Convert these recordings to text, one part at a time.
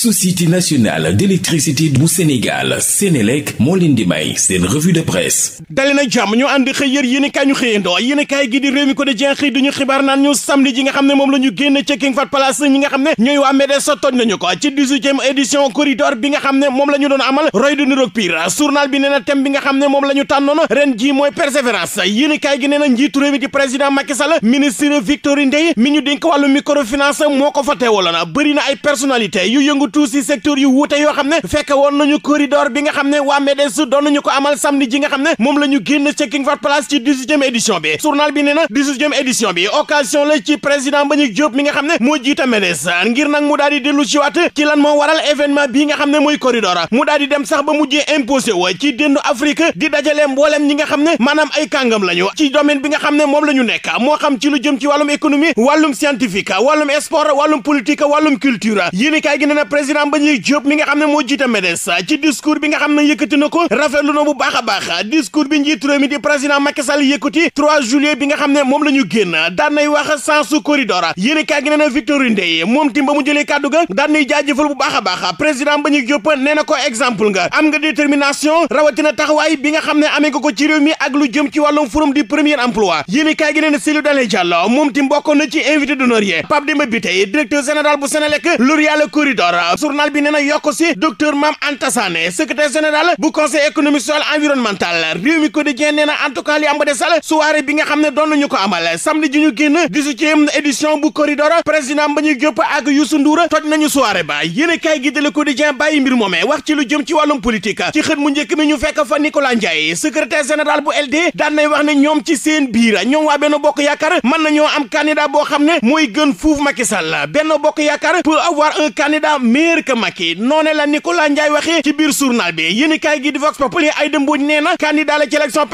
société nationale d'électricité bu Sénégal Sénélec moo leen di may seen revue de presse dali na jàmm ñu ànd xëy yër yéen ñu xëyandoo yéen i kaay gi di réew mi ko di jeex xëy duñu xibaar naan ñu samedi nga xam ne moom la ñu génn ca King Fahd Palace nga xam ne ñooy waa MEDES toj nañu ko ci 18e édition corridor bi nga xam ne moom la ñu doon amal roy du niroog pire journal bi nee na thème bi nga xam ne moom la ñu tànnoon ren ji mooy persévérance yéen i kaay gi nee na ay personnalité yu yëngu surtout si secteur yu wuute yoo xam ne fekk woon nañu corridor bi nga xam ne waa MEDES doon nañu ko amal samedi ji nga xam ne moom la ñu génn ca King Fahd Palace ci dix-huitième édition bi journal bi nee na dix-huitième édition bi occasion la ci président Mbagnick Diop mi nga xam ne moo jiite MEDES ngir nag mu daal di dellu si waat ci lan moo waral événement bii nga xam ne mooy corridor mu daal di dem sax ba mu mujjee imposé wa ci déndu Afrique di dajale mboolem ñi nga xam ne maanaam ay kàngam lañu ci domaine bi nga xam ne moom la ñu nekk moo xam ci lu jëm ci wàllum économie wàllum scientifique wàllum sport wàllum politique wàllum culture yéen kaay gi nee président Mbagnick Diop mi nga xam ne moo jiite ko a baax discours bi njiit réew mi di président nga xam ne moom la ñu génn daan nay wax sensu corridor moom tim ba mu jëlee kàddu ga daan nay jaajëfal bu baax a baax président Mbagnick Diop nee na ko exemple nga am nga détermination rawatina taxawaay bi nga xam ne amee nga ko ci réew mi ak lu jëm ci wàllum forum du premier emploi yéen kaa gi nee na Cellou Dalein Diallo moom tim bokkoon na ci invité d'honneur yi Pape Demba Bitèye directeur général bu Senelec L'Oréal corridor waaw journal bi nee na yokk si docteur Mame Anta Sané secrétaire général bu conseil économique social environnemental réew mi quotidien nee na en bi nga xam ne doon nañu ko amal samedi ji ñu génn dix-huitième édition bu corridor président Mbagnick Diop ak Youssou Ndour toj nañu soirée ba yéen a kaay gi de le quotidien bàyyi mbir moomee wax ci lu jëm ci wàllum politique ci xët mu njëkk mi ñu fekk fa Nicolas Ndiaye secrétaire général bu LD daan nay boo xam ne mooy gën fuuf Macky Sall Benno Bokk Yaakaar peut meilleur que Macky noone la waxee ci bi yéen kaay gi di Vox Populi Aïda Mbodj nee na candidat la ci élection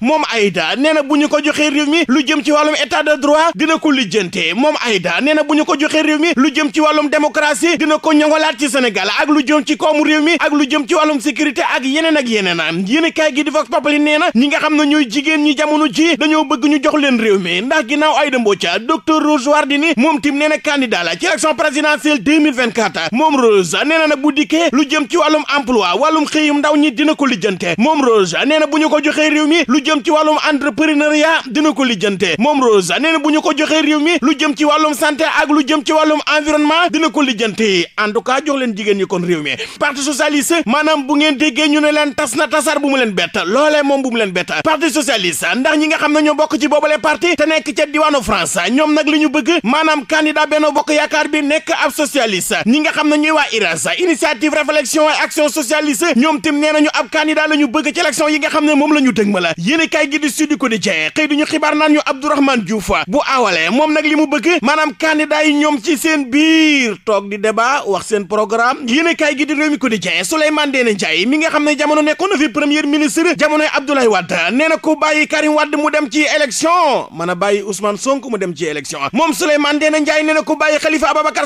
moom Aïda nee bu ñu ko joxee réew mi lu jëm ci wàllum état de droit dina ko lijjante moom Aïda nee na bu ñu ko joxee réew mi lu jëm ci wàllum démocratie dina ko ñongolaat ci Sénégal ak lu jëm ci koomu réew mi ak lu jëm ci wàllum sécurité ak yeneen ak yeneen yéen gi di Vox Populi nee na ñi nga xam ne ñooy jigéen ñi jamono ji dañoo bëgg ñu jox leen réew mi ndax ginnaaw Aïda Mbodj docteur Rose Wardini moom tim nee na la ci élection présidentielle 2024 moom Rose nee na nag bu dikkee lu jëm ci wàllum emploi wàllum xëyum ndaw ñi dina ko lijjante moom Rose nee na bu ñu ko joxee réew mi lu jëm ci wàllum entrepreneuriat dina ko lijjante moom Rose nee na bu ñu ko joxee réew mi lu jëm ci wàllum sante ak lu jëm ci wàllum environnement dina ko lijjante en tout cas jox leen jigéen ñi kon réew mi parti socialiste maanaam bu ngeen déggee ñu ne leen tas na tasaar bu mu leen bett loolee moom bu mu leen bett parti socialiste maanaam candidat socialiste ñi nga xam ne ñuy waa IRAS initiative réflexion et action socialiste ñoom tim nee nañu ab candidat la ñu bëgg ci yi nga xam ne moom la ñu dëgmal yéen kay gi di Sud Quotidien xëy duñu xibaar naan ñu Abdourahmane bu awale moom nag li mu bëgg maanaam candidat yi ñoom ci seen biir toog di débat wax seen programme yéen kay gi di Rewmi Quotidien Souleymane Ndéné mi nga xam ne jamono nekkoon na premier ministre jamonoy Abdoulaye Wade nee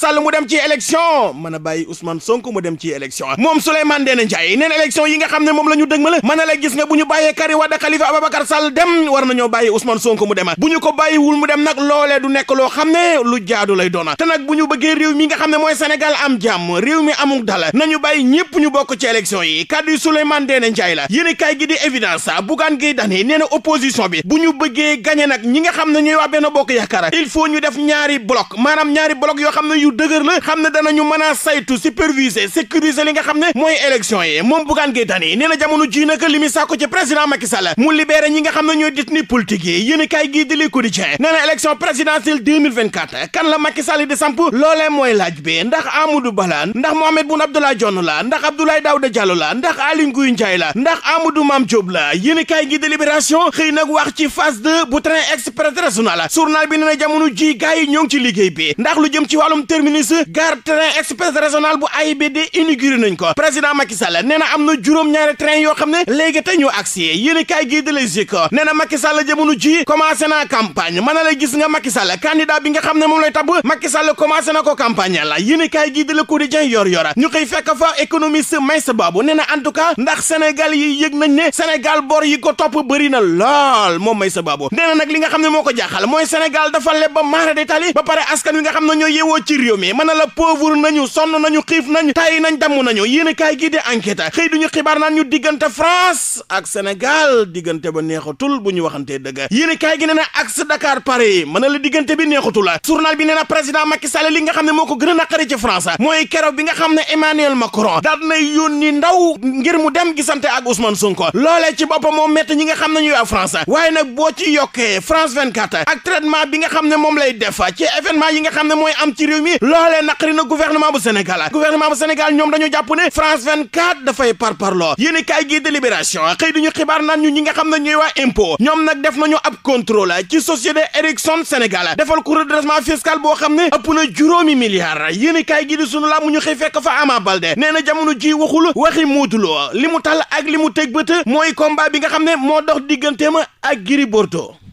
a dem ci élection mën a bàyyi Ousmane Sonko mu dem ci élection moom Souleymane Ndéné Ndiaye neen élection yi nga xam ne moom la ñu dëgmal mën a la gis nga bu ñu bàyyee Karim Wade Khalifa Ababacar Sall dem war nañoo bàyyi Ousmane Sonko mu dem bu ñu ko bàyyiwul mu dem nag loolee du nekk loo xam ne lu jaadu lay doona te nag bu ñu bëggee réew mi nga xam ne mooy Sénégal am jàmm réew mi amul na ñu bàyyi ñëpp ñu bokk ci élection yi kàddu yi Souleymane Ndéné Ndiaye la yéen kaay gi di évidence Bougane Gueye Dany nee na opposition bi bu ñu bëggee gagné nag ñi nga xam ne ñooy waa benn bokk yaakaar il faut ñu def ñaari bloc maanaam ñaari bloc yoo xam ne yu dëgër la xam ne danañu mën a saytu superviser sécuriser li nga xam ne mooy élection yi moom Bougane Gueye Dany nee na jamono ji nag li ci président Macky mu libéré ñi nga xam ne ñooy détenu politique yi yéen a kaay gii di Le Quotidien nee na élection présidentielle 2024 kan la Macky di samp loolee mooy laaj bi ndax Amadou Ba ndax Mohamed Boun Abdallah Dionne la ndax Abdoulaye Daouda Diallo la ndax Aly Ngouille Ndiaye la ndax Amadou Mame Diop la yéen a gii di Libération xëy gare train express régional bu AIBD inauguré nañ ko président Macky Sall nee na am na juróom-ñaari train yoo xam ne léegi te ñu agsi yéen i kaay gii de Les Échos nee na Macky Sall jamono ji commencé na campagne mën na la gis nga Macky Sall candidat bi nga xam ne moom lay tabb Macky Sall commencé na ko campagne la yéen i kaay gii de Le Quotidien yor yor ñu koy fekk fa économiste Meïssa Babou nee na en tout cas ndax Sénégal yi yëg nañ ne Sénégal bor yi ko topp bëri na lool moom Meïssa Babou nee na li nga xam ne moo ko jaaxal mooy Sénégal dafa leb ba maara de tali ba pare askan nga xam ne ñoo yeewoo ci réew mi ne la pauvre nañu na nañu xiif nañ tay nañ damm nañu yéen a kaay gii di enquête xëy duñu xibaar naan ñu diggante France ak Sénégal diggante ba neexatul bu ñu waxantee dëgg yéen a kaay gi nee na axe Dakar Paris mën na bi neexatul journal bi nee na président li nga xam ne moo ko gën a naqari ci France mooy keroog bi nga xam ne Emmanuel Macron daal na yónni ndaw ngir mu dem gisante ak Ousmane Sonko loolee ci boppam moo métti ñi nga xam ne ñuy waa France waaye nag boo ci yokkee France 24 ak traitement bi nga xam ne moom lay def ci événement yi nga xam ne mooy am naqari na gouvernement bu Sénégal gouvernement bu Sénégal ñoom dañu jàpp ne France 24 dafay par parloo yéen i kaay gi de Libération xëy dañu xibaar naan ñu ñi nga xam ne ñooy waa impôt ñoom nag def nañu ab contrôle ci société Ericsson Sénégal defal ko redressement fiscal boo xam ne ëpp na juróomi milliards yéen i kaay gi di sunu làmb ñu xëy fekk fa Ama Baldé nee na jamono ji waxul waxi Modou Lo li mu tal ak li mu teg bët mooy combat bi nga xam ne moo dox digganteem ak Gris Bordeaux